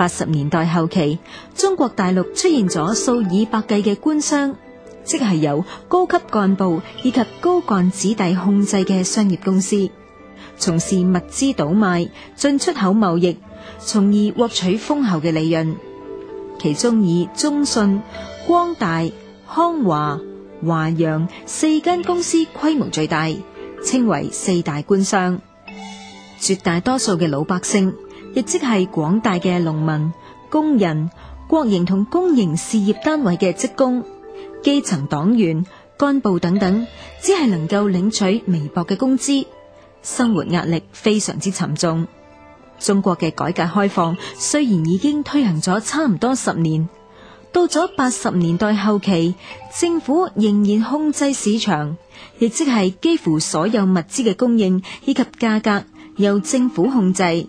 八十年代後期，中國大陸出現咗數以百計嘅官商，即係由高級幹部以及高幹子弟控制嘅商業公司，從事物資倒賣、進出口貿易，從而獲取豐厚嘅利潤。其中以中信、光大、康華、華陽四間公司規模最大，稱為四大官商。絕大多數嘅老百姓。亦即係廣大嘅農民、工人、國營同公營事業單位嘅職工、基層黨員、幹部等等，只係能夠領取微薄嘅工資，生活壓力非常之沉重。中國嘅改革開放雖然已經推行咗差唔多十年，到咗八十年代後期，政府仍然控制市場，亦即係幾乎所有物資嘅供應以及價格由政府控制。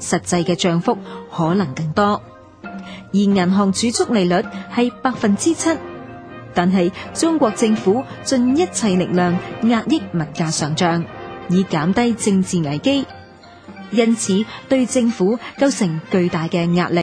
實際嘅漲幅可能更多，而銀行儲蓄利率係百分之七，但係中國政府盡一切力量壓抑物價上漲，以減低政治危機，因此對政府構成巨大嘅壓力。